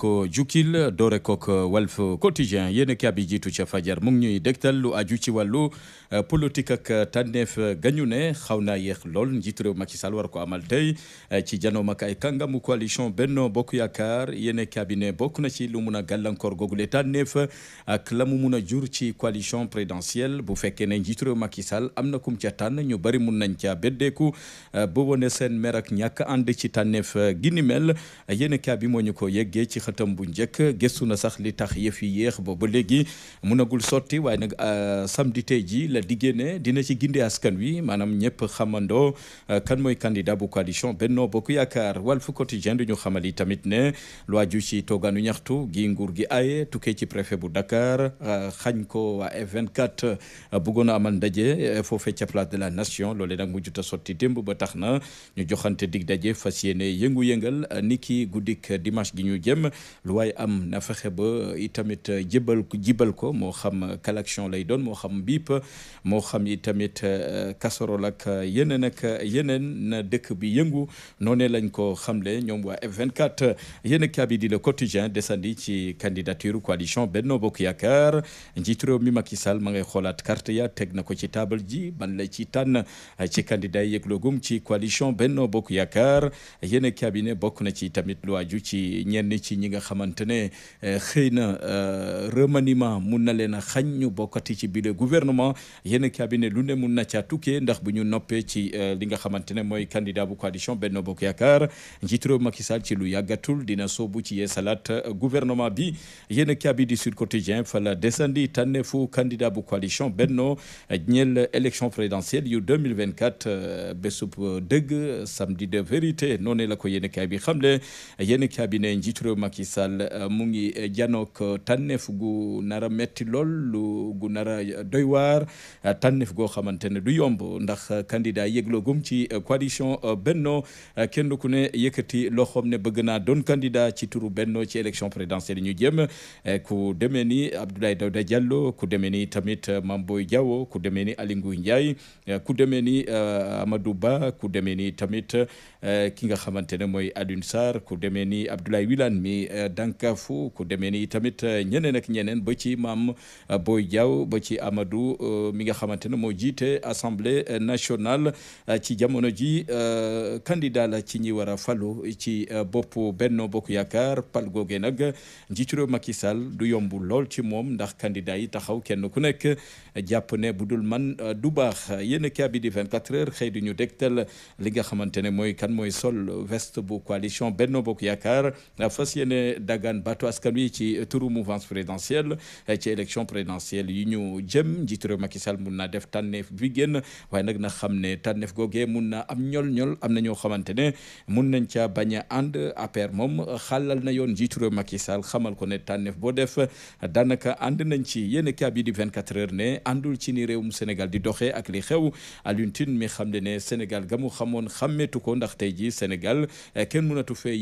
ko jukkil doore kook euh, Walf Quotidien yéen a bi jiitu ca fajar mu ngi ñuy dégtal lu aju ci wàllu euh, politique ak euh, tànneef gañu ne xaw naa yéex lool njiitu réew Macky Sall war ko amal tey ci janoom ak ay kàngamu coalition Benno Bokk Yaakaar yéen a ne bokk na ci lu mun a gàllankoor googule tànneef ak la mu mun a jur ci coalition présidentielle bu fekkee ne njiitu réew Macky Sall am na kum ca tànn ñu bari mun nañ ca beddeeku ba wone seen mer ak ñàkk ànd ci tànneef gi ni mel xëtam bu njëkk gëstu na sax li tax yëf yi yéex ba ba léegi munagul sotti waaye nag euh, samedi tey ji la diggée ne dina ci gindi askan wi maanaam ñëpp xamandoo euh, kan mooy candidat bu coalition Benno Bokk Yaakaar Walf Quotidien du ñu xamal yi tamit ne lu aju ci toogaanu ñaxtu gi nguur gi aaye tukkee ci préfet bu Dakar euh, xañ ko waa F24 bëggoon a amal ndaje foofee ca place de la nation loolee nag mujjut a sotti démb ba tax na ñu joxante dig daje fas yëngu-yëngal ni guddik dimanche gi ñu jëm lu waaye am na fexe ba itamit jibal jibal ko moo xam collection lay doon moo xam bipp moo xam itamit euh, casserole ak yeneen ak yeneen na dëkk bi yëngu noonee lañ ko xamle ñoom waa F24 yéen ak bi di le quotidien desandi ci candidature coalition Benno Bokk Yaakaar njiitu réew mi Macky Sall ma ngay xoolaat carte ya teg na ko ci table ji ban la ci tànn ci candidat yi yëgloogum ci coalition Benno Bokk Yaakaar yéen ak bokk na ci tamit lu aju ci ñenn ci ñi nga xamante ne eh, xëy na eh, remaniement mun na leen a xañ ñu bokkati ci biir gouvernement yenn cabinet lu ne mun na caa tukkee ndax bu ñu noppee ci eh, li nga xamante ne mooy candidat bu coalition Benno Bokk Yaakaar njiitu réew Macky Sall ci lu yàggatul dina soobu ci yeesalaat gouvernement bi yenn cabinet du Sud Quotidien fa la desandi tànne fu candidat bu coalition Benno ñeel élection présidentielle yu 2024 bésub dëgg samedi de vérité noonu la ko yenn cabinet bi xamle yenn cabinet njiitu réew Macky Sall euh, mu ngi euh, janook euh, tànneef gu nar a metti lool gu nar a doy waar tànneef goo xamante ne du yomb ndax candidat yëgloo ci coalition Benno kenn ku ne yëkkati loxoom ne bëgg naa doon candidat ci turu Benno ci élection présidentielle ñu jëm ku demee ni Abdoulaye Daouda Diallo ku demee ni tamit Mame Boye Diao ku demee ni Aly Ngouille Ndiaye ku demee ni Amadou Ba ku demee ni tamit ki nga xamante ne mooy Alioune Sarr demee ni Abdoulaye Wilane mi di eh, dankafu ku demee ni tamit eh, ñeneen ak ñeneen ba ci maam eh, Boy Diaw ba ci Amadou mi nga xamante ne moo jiite assemblée nationale ci jamono ji candidat la ci ñi war a falu ci bopp Benno Bokk Yaakaar pal googe nag njiitu réew Sall du yomb lool ci moom ndax candidat yi taxaw kenn ku nekk jàpp ne bu dul man du baax yéen a bi di 24 heures xëy du ñu dégtal li nga xamante ne mooy kan mooy sol veste bu coalition Benno Bokk Yaakaar fas yéene ne dagaan baatu askan wi ci turu mouvance présidentielle eh, ci élection présidentielle yi ñu jëm njiitu réew Macky mun naa def tànneef bi génn waaye nag na xam ne tànneef googee mun na am ñol-ñol am na ñoo xamante ne mun nañ caa bañ a ànd APR moom xalal na yoon njiitu réew Macky Sall xamal ko ne tànneef boo def daanaka ànd nañ ci yenn kaa bi di 24 heures ne àndul ci ni réewum Sénégal di doxee ak li xew Alioune Tine mi xam ne ne Sénégal ga mu xamoon xàmmeetu ko ndax tey jii Sénégal eh, kenn mënatu fee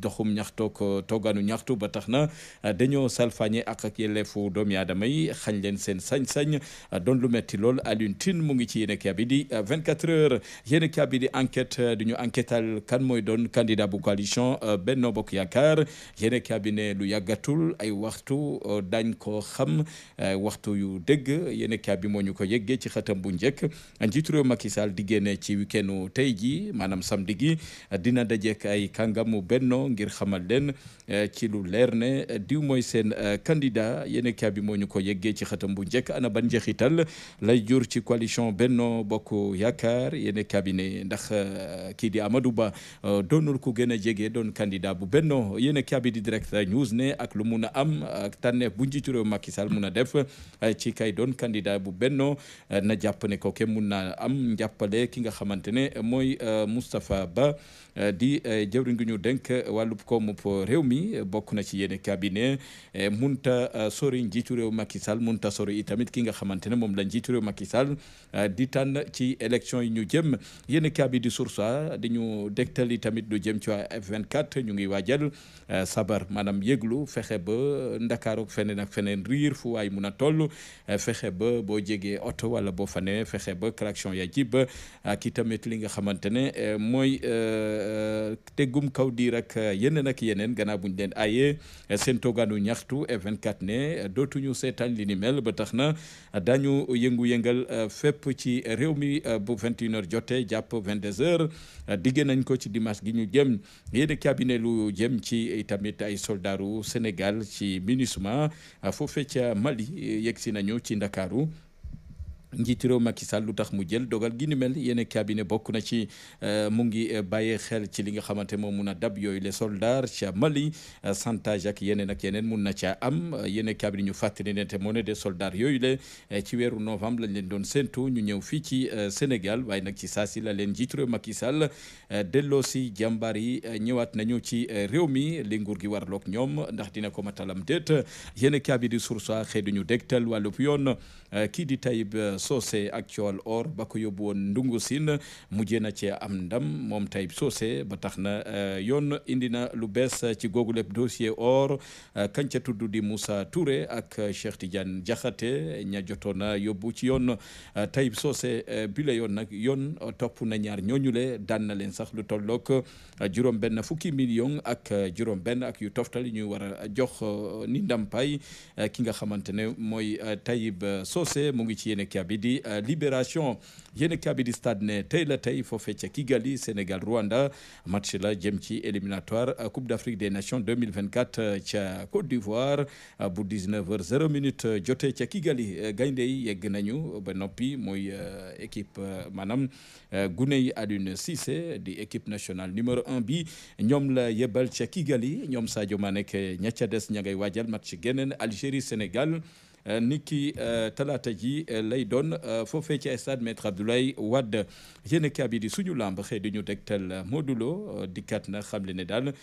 doxum ñaxtoo ko toogaanu ñaxtu ba tax na ah, dañoo salfaañe ak ak yelleefu doom aadama yi xañ leen seen sañ-sañ ah, doon lu metti lool Alioune Tine mu ngi ci yéen a kii bi di 24 ah, heures yéen a bi di enquête du ñu enquêtal kan mooy doon candidat bu coalition Benno Bokk Yaakaar yéen a kii bi ne lu yàggatul ay waxtu dañ ko xam waxtu yu dëgg yéen a kii bi moo ñu ko yëggee ci xatam bu njëkk njiitu réew Macky Sall di génne ci week tey jii maanaam samedi gi dina dajeek ay kàngamu Benno élection ngir xamal leen eh, ci lu leer ne eh, diw mooy seen eh, candidat yéen kaa bi moo ñu ko yeggee ci xatam bu njëkk ana ban njeexital lay jur ci coalition Benno Bokk Yaakaar yenn kaa bi ne ndax kii di Amadou Ba doonul ku gën a jege doon candidat bu Benno yéen kaa bi di direct news ne ak lu mun a am ak tànneef bu njiitu réew Macky Sall mun a def ci kay doon candidat bu Benno na jàpp ne ko ke mun naa am jàppale ki nga xamante ne mooy Moustapha Ba di jëwriñ gi wàllub koomub réew mi bokk na ci yéen cabinet eh, munta eh, sori njiitu réew Macky Sall munta sori itamit ki nga xamante ne moom la njiitu réew Macky Sall eh, di tànn ci élection yi ñu jëm yéen cabinet di source di ñu dégtal itamit lu jëm ci waa F24 ñu ngi waajal sabar maanaam yëglu fexe ba Ndakaaru ak feneen feneen riir fu waay mun a toll fexe ba boo jegee oto wala boo fa ne fexe ba klaxon ya jib ak tamit li nga xamante ne mooy tegum kaw diir ak ak yeneen ak yeneen gannaaw buñ leen aye seen toogaanu ñaxtu F24 ne dootuñu seetaan li ni mel ba tax na dañu yëngu-yëngal fépp ci réew mi bu 21 jote jotee jàpp 22h diggé nañ ko ci dimanche gi ñu jëm yéen cabinet lu jëm ci tamit ay soldaru Sénégal ci MINUSMA foofee ca Mali yegg si nañu ci Ndakaaru njiitu réew Macky Sall lu tax mu jël dogal gi ni mel yéen cabinet bokk na ci euh, mu ngi euh, bàyyee xel ci li nga xamante moom mun a dab yooyu le soldats ca Mali euh, chantage ak yeneen ak yeneen mun na caa am yéen cabinet ñu fàttali ne te moo ne des soldats yooyu le ci weeru novembre lañ leen doon séntu ñu ñëw fii ci Sénégal waaye nag ci saa si la leen njiitu réew Macky Sall delloo si jàmbaar yi ñëwaat nañu ci réew mi li nguur gi warloog ñoom ndax dina ko matalam déet yéen cabinet di source xëy du ñu dégtal wàllub yoon kii di Tayib Socé ak Cool Or ba ko yóbbu woon Ndungu na cee am ndam moom Taïb Socé ba tax na euh, yoon indi na lu bees ci googu lépp dossier or euh, kañ ca di Moussa Touré ak euh, Cheikh tijan Diakhaté ña jotoon na yóbbu ci yoon Taïb Socé bi la yoon nag yoon topp na ñaar ñooñule daan na leen sax lu tollook juróom-benn fukki million ak juróom-benn ak yu toftal ñu war a jox ni ndàmpaay ki nga xamante ne mooy Taïb Socé mu ngi ci yéene kii bi di euh, Libération yéen kabi stade ne tey la tey foofee ca Kigali Sénégal Rwanda match la jëm ci éliminatoire euh, Coupe d'Afrique des Nations 2024 euh, ca Côte d'Ivoire bu 19h00 minute jotee ca Kigali gaynde yi yegg nañu ba noppi mooy équipe maanaam guney Aliou Cissé di équipe nationale numéro un bi ñoom la yebal ca Kigali ñoom Sadio Mané ña ca des ña ngay waajal match geneen Algérie Sénégal. Euh, ni ki euh, talaata ji euh, lay doon foofee ci stade maître Abdoulaye Wade yéen a bi di suñu lamb xëy di ñu dégtal Modou Lo dikkaat xam xamle ne daal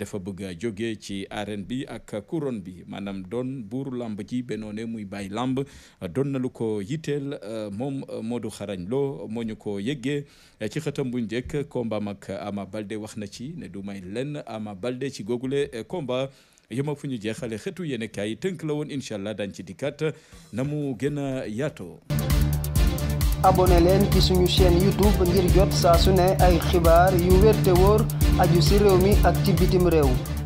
dafa bëgg a jóge ci arène bi ak couronne bi maanaam doon buuru lamb ji benoone muy bàyyi lamb doon na lu ko yitteel moom modu Xarañ loo moo ko yëggee ci xëtam bu njëkk combat ak Ama Balde wax na ci ne du may lenn Ama Balde ci googule combat. yema fu ñu jeexale xeetu yéene kaay tënk la woon incha allah daañu di kat na mu gën a yaatoo. abonné leen ci suñu chaîne youtube ngir jot saa su ne ay xibaar yu wér te wóor aju si réew mi ak ci bitim réew.